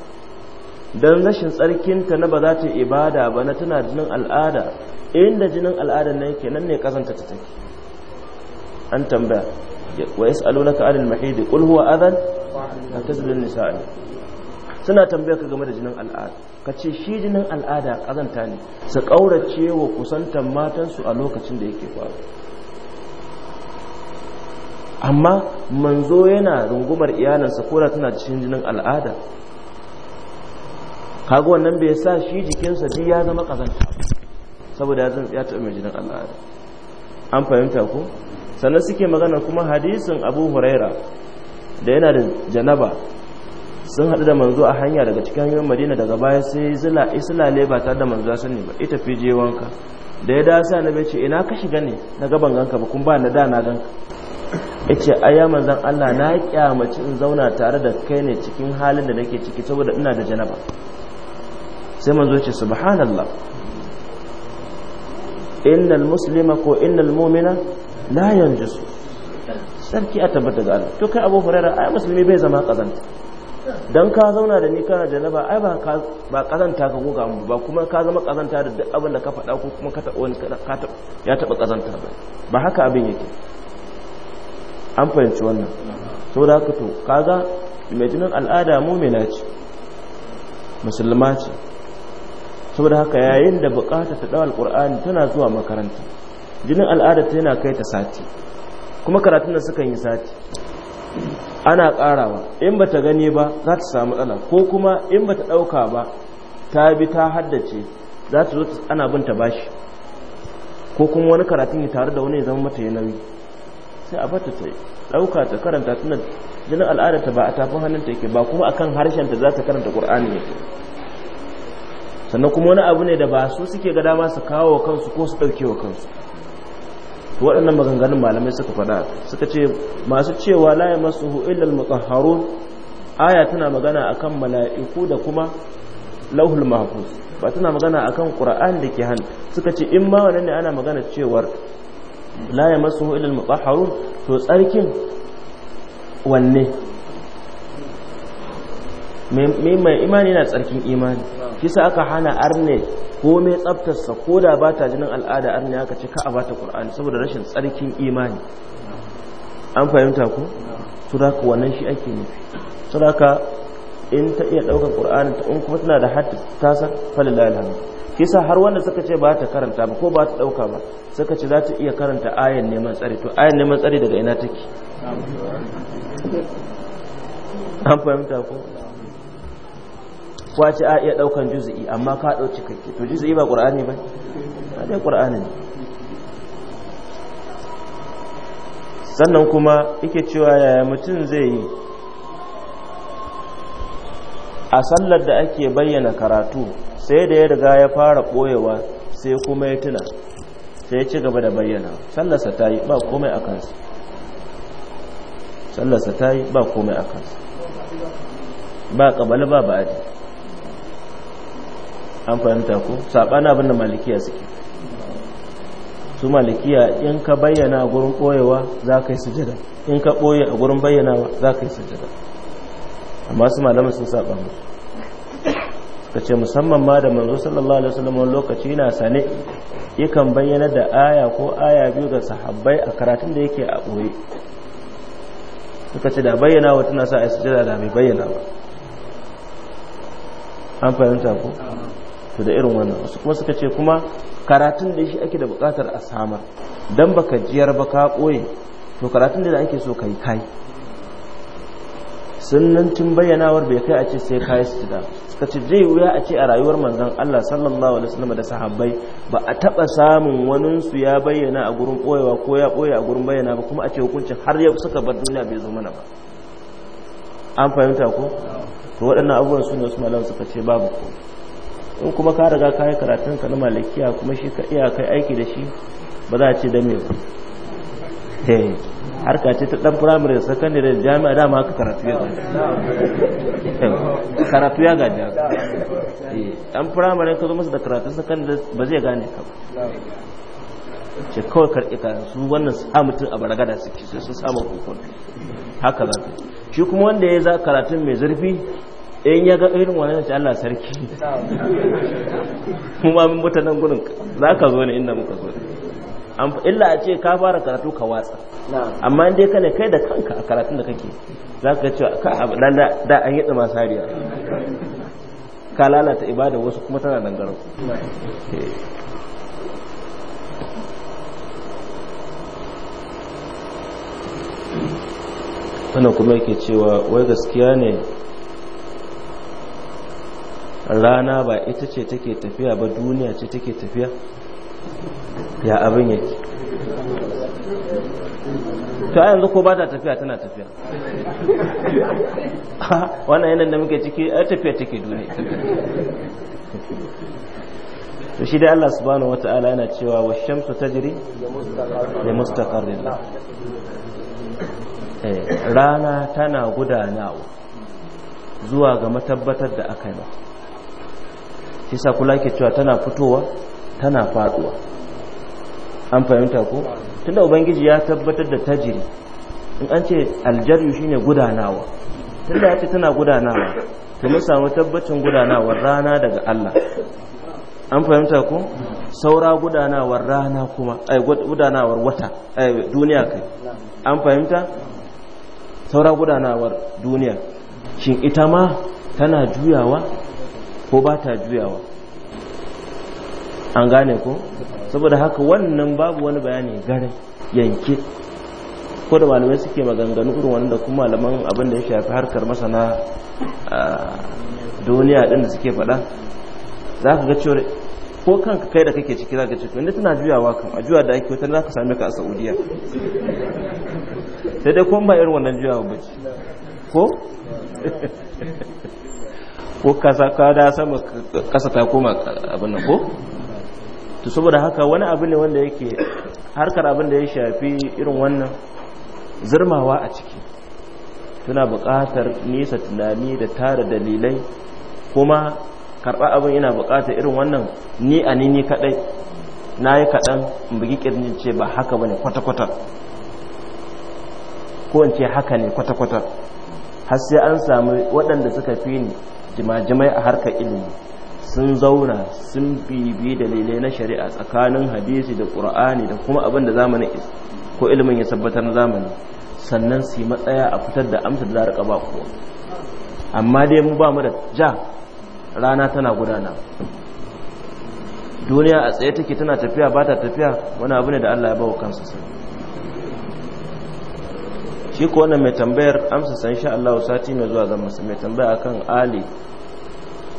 don rashin tsarkinta na ba za ta ibada ba na tana jinin al'ada inda jinin al'adar na yake nan ne kazanta ta take an tambaya wa yas'alunaka anil mahidi qul huwa adhan fa nisa'a suna tambaya ka game da jinin al'ada ka ce shi jinin al'ada ƙazanta ne su ƙaurace wa kusantar matansu a lokacin da yake faru amma manzo yana rungumar iyalinsa kora tana cikin jinin al'ada kago wannan bai sa shi jikinsa duk ya zama ƙazanta saboda ya taɓa mai jinin al'ada an fahimta ko sannan suke magana kuma hadisin abu huraira da yana da janaba sun haɗu da manzo a hanya daga cikin hanyoyin madina daga baya sai zila islale ba tare da manzo ya sani ba ita fi je wanka da ya dasa na bai ce ina ka shiga ne na gaban ganka ba kun ba na da na ganka ya ce a manzan Allah na kyamaci in zauna tare da kai ne cikin halin da nake ciki saboda ina da janaba sai manzo ce subhanallah innal muslima ko innal mu'mina la yanjisu sarki a tabbata ga Allah to kai Abu Hurairah ai musulmi bai zama kazanta Don ka zauna da ni kana janaba ai ba ba kazanta ka goga mu ba kuma ka zama kazanta da duk abin da ka faɗa ko kuma ka taɓa wani ya taɓa kazanta ba ba haka abin yake an fahimci wannan da haka to kaga mai jinin al'ada mumina ce musulma ce da haka yayin da bukata ta dawo Al-Ƙur'ani tana zuwa makaranta jinin al'ada ta yana kai ta sati kuma karatun da suka yi sati ana ƙarawa in ba ta gani ba za ta samu tsala ko kuma in ba ta ɗauka ba ta bi ta haddace za ta zo ana bin ta bashi ko kuma wani karatun ya tare da wani ya zama mata ya nauyi sai a bata ta ɗauka ta karanta tana jinin al'adarta ba a tafin hannunta yake ba kuma akan harshen ta za ta karanta ƙur'ani yake sannan kuma wani abu ne da ba su suke ga dama su kawo wa kansu ko su ɗauke wa kansu to waɗannan maganganun malamai suka faɗa suka ce masu cewa la yamassuhu illa al-mutahharun aya tana magana akan mala'iku da kuma lauhul mahfuz ba tana magana akan qur'an da ke hannu suka ce in ma wannan ne ana magana cewar la yamassuhu illa al-mutahharun to tsarkin wanne mai imani na tsarkin imani kisa aka hana arne ko mai tsabtarsa ko da ba ta jinin al'ada arne aka ce ka a ba ta ƙur'ani saboda rashin tsarkin imani an fahimta ku suraka wannan shi ake nufi suraka in ta iya ɗaukar ƙur'ani ta in kuma tana da hatta ta san falila alhamdu kisa har wanda suka ce ba ta karanta ba ko ba ta ɗauka ba suka ce za ta iya karanta ayan neman tsari to ayan neman tsari daga ina take an fahimta ku ce a iya daukan juz'i amma ka dauki kake, to juz'i ba qur'ani ba a dai qur'ani ne sannan kuma yake cewa yaya mutum zai yi a sallar da ake bayyana karatu sai da ya riga ya fara ɓoyewa sai kuma ya tuna sai ya ci gaba da bayyana sallarsa ta yi ba komai a kansa sallarsa ta yi ba komai a kansa ba ƙabali ba ba'adi an fahimta ko saɓana abin da malikiya suke su malikiya in ka bayyana a gurin ɓoyewa za ka yi sujada in ka ɓoye a gurin bayyanawa za ka yi sujada amma su malama sun saɓa musu suka ce musamman ma da manzo sallallahu alaihi wasallam lokaci yana sane yakan bayyana da aya ko aya biyu ga sahabbai a karatun da yake a ɓoye suka ce da bayyana wa tana sa a sujada da bai bayyana ba an fahimta ko to da irin wannan wasu kuma suka ce kuma karatun da shi ake da bukatar a samar dan baka jiyar ba ka koye to karatun da ake so kai kai sunnancin bayyanawar bai kai a ce sai kai da suka ce zai wuya a ce a rayuwar manzon Allah sallallahu alaihi wasallam da sahabbai ba a taba samun wanin su ya bayyana a gurin koyewa ko ya koya a gurin bayyana ba kuma a ce hukuncin har yau suka bar duniya bai zo mana ba an fahimta ko to waɗannan abubuwan su ne wasu malaman suka ce babu ko in kuma ka riga ka yi karatun ka na malakiya kuma shi ka iya kai aiki da shi ba za a ce dame ba eh, harka ce ta dan firamare da sakandare da jami'a dama aka karatu ya gaji eh, karatu ya gaji dan eh, firamare ka zo masa da karatu sakandare ba zai gane ka ba ce kawai karɓi kayan su wannan mutum a baragada suke sai sun samu kukun haka za shi kuma wanda ya za karatun mai zurfi in ya ga irin wannan shi Allah sarki mu ma mun mutanen gurin za ka zo ne inda muka zo illa a ce ka fara karatu ka watsa amma in dai ka ne kai da kanka a karatun da kake za ka ce ka abudan da an yi tsima sariya ka lalata ibada wasu kuma tana nan garo wannan kuma yake cewa wai gaskiya ne rana ba ita ce take tafiya ba duniya ce take tafiya ya abin yake ta yanzu ko ba ta tafiya tana tafiya wannan yanar da muke ciki a tafiya take duniya to shi dai Allah subhanahu wata'ala yana cewa wa shamsu tajri li mustaqarrin eh rana tana gudanawa zuwa ga matabbatar da aka yi kisa kula ke cewa tana fitowa tana faduwa an fahimta ko tunda ubangiji ya tabbatar da tajiri in an ce aljaryu shine gudanawa tunda ya ce tana gudanawa to mun samu tabbacin gudanawar rana daga Allah an fahimta ko saura gudanawar rana kuma ai gudanawar wata ai duniya kai an fahimta saura gudanawar duniya shin ita ma tana juyawa ko ba ta juyawa an gane ko saboda haka wannan babu wani bayani garin yanke ko da malamai suke maganganu irin wanda kuma malaman abin da ya shafi harkar masana duniya din da suke faɗa za ka ga cewar ko kanka kai da kake ciki za ka cikin inda tana juyawa kan a juya da ake wata za ka same ka a saudiya sai dai kuma ba irin wannan juyawa ba ko ko kasa ka da sama kasa ta koma abin nan ko to saboda haka wani abu ne wanda yake harkar abin da ya shafi irin wannan zirmawa a ciki tuna buƙatar nisa tunani da tara dalilai kuma karɓa abin yana buƙatar irin wannan ni a ni kaɗai na yi kaɗan in bugi ƙirnin ce ba haka ba ne kwata-kwata ko in haka ne kwata-kwata har sai an sami waɗanda suka fi ni jimajimai a harkar ilimi sun zauna sun bibi dalilai na shari'a tsakanin hadisi da ƙura'ani da kuma abin da zamanin ko ilimin ya tabbatar na zamani sannan su yi matsaya a fitar da amsa da za ba kowa amma dai mu ba mu da ja rana tana gudana duniya a tsaye take tana tafiya ba ta tafiya wani abu ne da Allah ya bawa kansa sai shi ko wannan mai tambayar amsa san sha allahu sati mai zuwa zan mai tambaya akan ali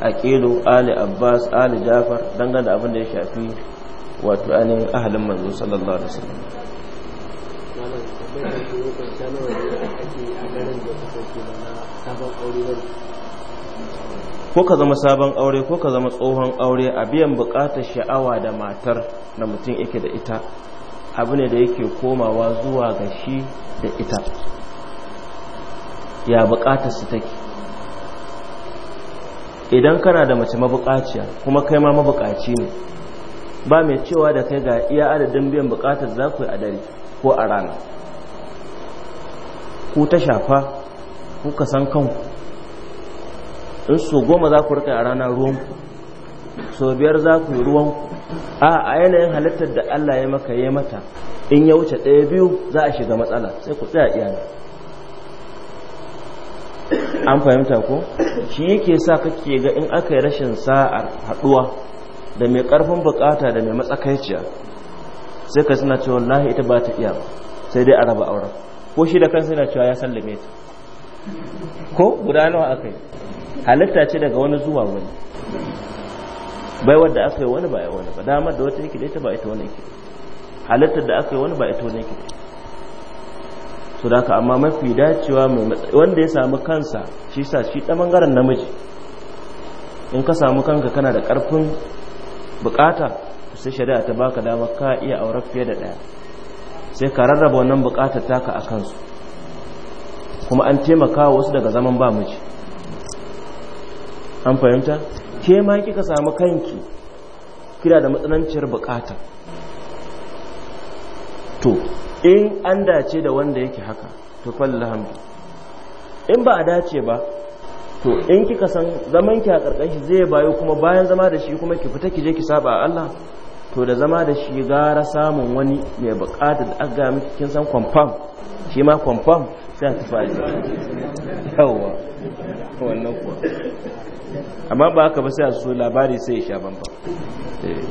aqilu ali abbas ali jafar dangane da abin da ya shafi wato ainihin ahalin manzo sallallahu alaihi wasallam ko ka zama sabon aure ko ka zama tsohon aure a biyan bukatar sha'awa da matar na mutum yake da ita abu ne da yake komawa zuwa ga shi da ita ya bukatar su take idan kana da mace mabukaciya kuma kai ma mabukaci ne ba mai cewa da kai ga iya adadin biyan bukatar za ku yi a dare ko a rana ku ta shafa ku ka san kanku in so goma za ku rika a rana ruwanku so biyar za ku yi ruwanku a a yanayin halittar da allah ya maka ya mata in ya wuce ɗaya biyu za a shiga matsala sai ku tsaya iyana an fahimta ko shi yake sa kake ga in aka yi rashin sa'ar haduwa da mai karfin bukata da mai matsakaiciya sai ka suna cewa wallahi ita ba ta iya sai dai a raba auren ko shi da kansa yana cewa ya sallame ta ko guda nawa aka yi halitta ce daga wani zuwa wani bai wadda aka yi wani ba ya wani ba damar da wata yake da ita ba ita wani yake halittar da aka yi wani ba ita wani yake su da ka amma mafi dacewa Mai matsayi wanda ya samu kansa shi sa shi ta bangaren namiji in ka samu kanka kana da karfin bukata sai shari'a ta baka dama ka iya aurar fiye da ɗaya sai ka rarraba wannan bukatar taka a kansu kuma an taimaka wasu daga zaman ba miji an fahimta ke ma kika samu kanki kira da matsananciyar bukata to in an dace da wanda yake haka to hamdu, in ba a dace ba to in kika san zaman ki a karkan zai bayo kuma bayan zama da shi kuma ki fita ki je ki saba Allah to da zama da shi gara samun wani mai bukatar da aka miki kin san confirm shi ma confirm sai a tafi yawa wannan kuwa amma ba haka ba sai a so labari sai ya sha bamba eh.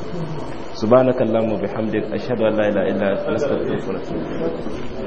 subhanakallahumma bihamdika ashhadu an la ilaha illa anta astaghfiruka wa atubu